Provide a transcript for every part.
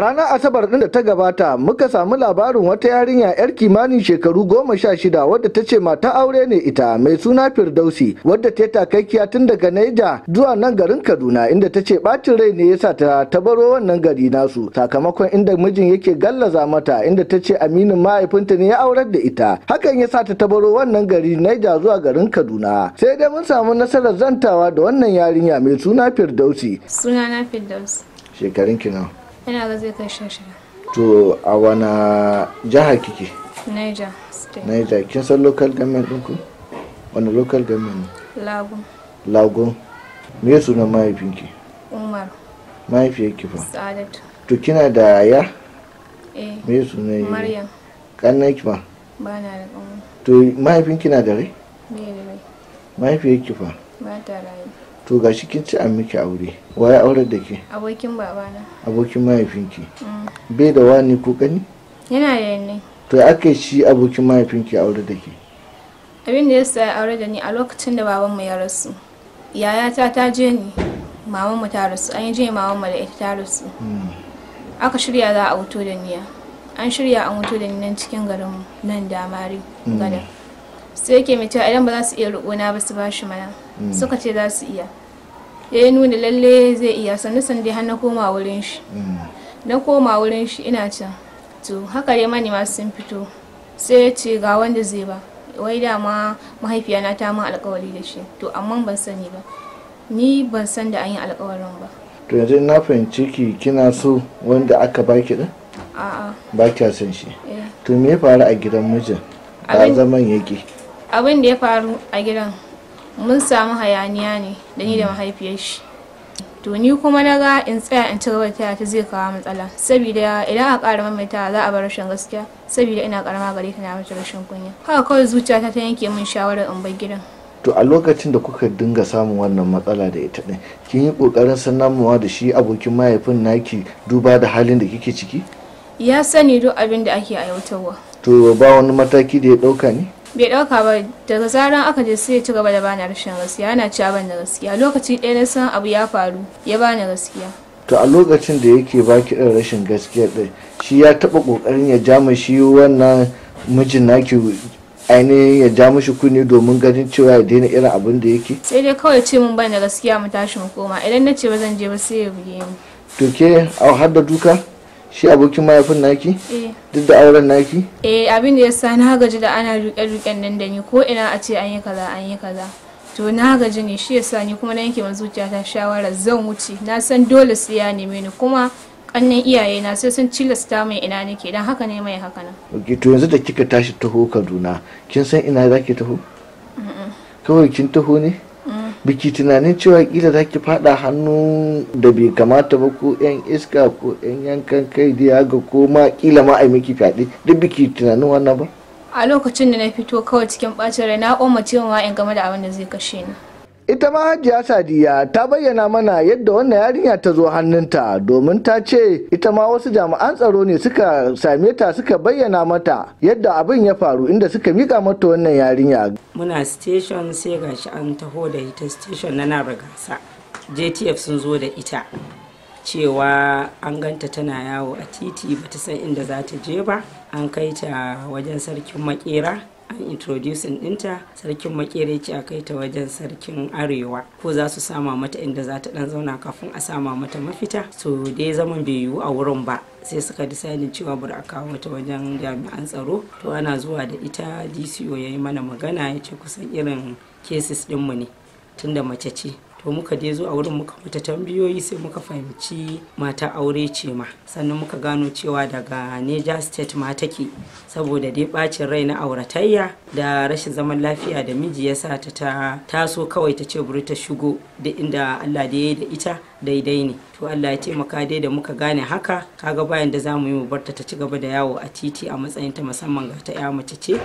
A ranar Asabar ɗin da ta gabata muka samu labarin wata yarinya 'yar kimanin shekaru goma sha shida wadda ta ce mata aure ne ita mai suna Firdausi wadda ta takakkiya tun daga Naija zuwa nan garin Kaduna inda ta ce ɓacin rai ne yasa ta tabaro wannan gari nasu sakamakon inda mijin yake gallaza mata inda ta ce aminin mahaifinta ne ya aurar da ita hakan ya sa ta tabaro wannan gari Naija zuwa garin Kaduna sai dai mun samu nasarar zantawa da wannan yarinya mai suna Firdausi sunana Firdausi shekarun kina ina ga zai kai shashira to a wana jihar kike niger state niger kin san local government ɗinku wani local government ne lagun lagun me sunan mahaifinki umar mahaifiyarki fa sa'adatu to kina da ya eh me sunan maryam kannanki fa ba na da kanwa to mahaifinki na da rai ne da rai mahaifiyarki fa to ga shi kin ci an miki aure waye aure da ke abokin babana abokin mahaifinki mm. bai da wani ko kani yana da ne to aka shi abokin mahaifinki aure da ke abin da ya sa aure da ni a lokacin da babanmu ya rasu yayata ta je ni mamanmu ta rasu an yi je mamanmu da ita ta rasu mm. aka shirya za a wuto da niya an shirya an wuto da ni nan cikin garin nan damari mm. gada sai yake mai cewa idan ba za su iya rubuna ba su ba shi mana Mm. suka ce za su iya ya yi nuna lalle zai iya sannu sande har na koma wurin shi mm. na koma wurin shi ina can to haka dai manema sun fito sai ya ce ga wanda zai ba wai dama na ta min alkawari da shi to amma ban sani ba ni ban san da an yi alkawarin ba to yanzu na fahimci ki kina so wanda aka baki din a'a ba kya san shi eh. to me ya faru a gidan mijin a zaman yake abin da ya faru a gidan mun samu hayaniya ne da ni da hmm. mahaifiyar shi to ni kuma na ga in tsaya in ci gaba ta ta zai kawo matsala saboda idan a ƙara mamaita za a bar rashin gaskiya saboda ina ƙarama gare ta na mace rashin kunya haka kawai zuciyata ta yanke min shawarar in bar gidan to a lokacin da kuka dinga samun wannan matsala da ita ɗin kin yi ƙoƙarin sanarwa da shi abokin mahaifin naki duba da halin da kike ciki ya sani duk abin da ake aiwatarwa to ba wani mataki da ya ɗauka ne bai dauka ba daga zaran aka je sai ya ci gaba da bani rashin gaskiya ana ci abin da gaskiya lokaci ɗaya na san abu ya faru ya bani gaskiya to a lokacin da yake baki ɗin rashin gaskiya ɗin shi ya taɓa ƙoƙarin ya ja ma shi wannan mijin naki ainihin ya ja mashi kunne domin ganin cewa ya daina irin abin da yake sai dai kawai ce mun bani gaskiya mu tashi mu koma idan na ce ba zan je ba sai ya buge ni to ke a har da duka shi abokin mahaifin naki eh. duk da auren naki eh abin da yasa na gaji da ana rike ruken nan da ni ko ina a ce an yi kaza an yi kaza to na gaji ne shi yasa ni kuma na yanke zuciya ta shawara zan wuce na san dole su ya neme ni kuma kannan iyaye na sai sun cilasta mai ina nake dan haka ne mai haka nan okay to yanzu da kika tashi taho Kaduna kin san ina zaki taho kawai kin taho ne biki tunanin cewa kila za ki fada hannu da bai kamata ba ko yan iska ko yan yankan kai da yaga ko ma kila ma a miki fyaɗe duk biki tunanin wannan ba a lokacin da na fito kawai cikin ɓacin rai na ƙoma cewa in game da abin da zai kashe ni ita ma hajiya sadiya ta bayyana mana yadda wannan yarinya ta zo hannunta domin ta ce ita ma wasu jami'an tsaro ne suka same ta suka bayyana mata yadda abin ya faru inda suka mika mata wannan yarinya muna station sai gashi an taho da ita station na nabagasa jtf sun zo da ita cewa an ganta tana yawo a titi bata san inda za ta je ba an kai ta wajen sarkin makera an introducing dinta sarkin makereci a kai ta wajen sarkin arewa ko za su sama mata inda za ta dan zauna kafin a sama mata mafita so dai zaman bai yiwu a wurin ba sai suka disani cewa bari a kawo ta wajen jami'an tsaro to ana zuwa da ita dco ya yi mana magana ya ce kusan irin cases dinmu ne tunda mace ce to muka je zuwa wurin muka mata tambiyoyi sai muka fahimci mata aure ce ma sannan muka gano cewa daga neja state ma take saboda dai bacin rai na auratayya da rashin zaman lafiya da miji ya sa ta taso kawai ta ce buri ta shigo da inda Allah da yayi da ita daidai ne to Allah ya ce taimaka dai da muka gane haka kaga bayan da zamu yi mu barta ta ci gaba da yawo a titi a matsayin ta musamman ga ta ya mace ce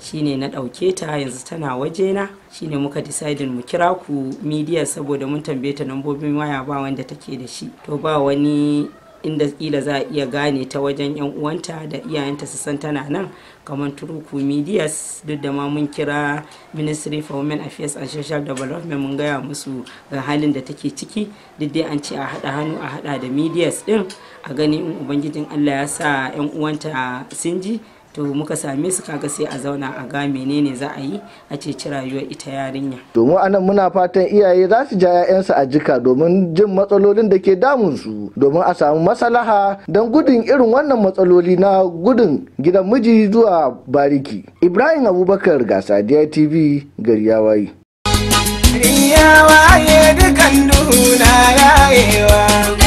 shine na ɗauke ta yanzu tana waje na shine muka disadin mu kira ku media saboda mun tambaye ta nambobin waya ba wanda take da shi to ba wani inda ila za a iya gane ta wajen yan uwanta da iyayenta su san tana nan kamar turuku medias duk da ma mun kira ministry for women affairs and social development mun gaya musu ga halin da take ciki duk dai an ce a haɗa hannu a haɗa da medias din a gani in ubangijin allah ya sa yan uwanta sun ji to muka same su kaga sai a zauna a ga menene za a yi a ci rayuwar ita yarinya domin anan muna fatan iyaye za su ja 'ya'yansu a jika domin jin matsalolin da ke damun su domin a samu masalaha don gudun irin wannan matsaloli na gudun gidan miji zuwa bariki ibrahim abubakar ga Sadiya tv gari ya waye dukan duna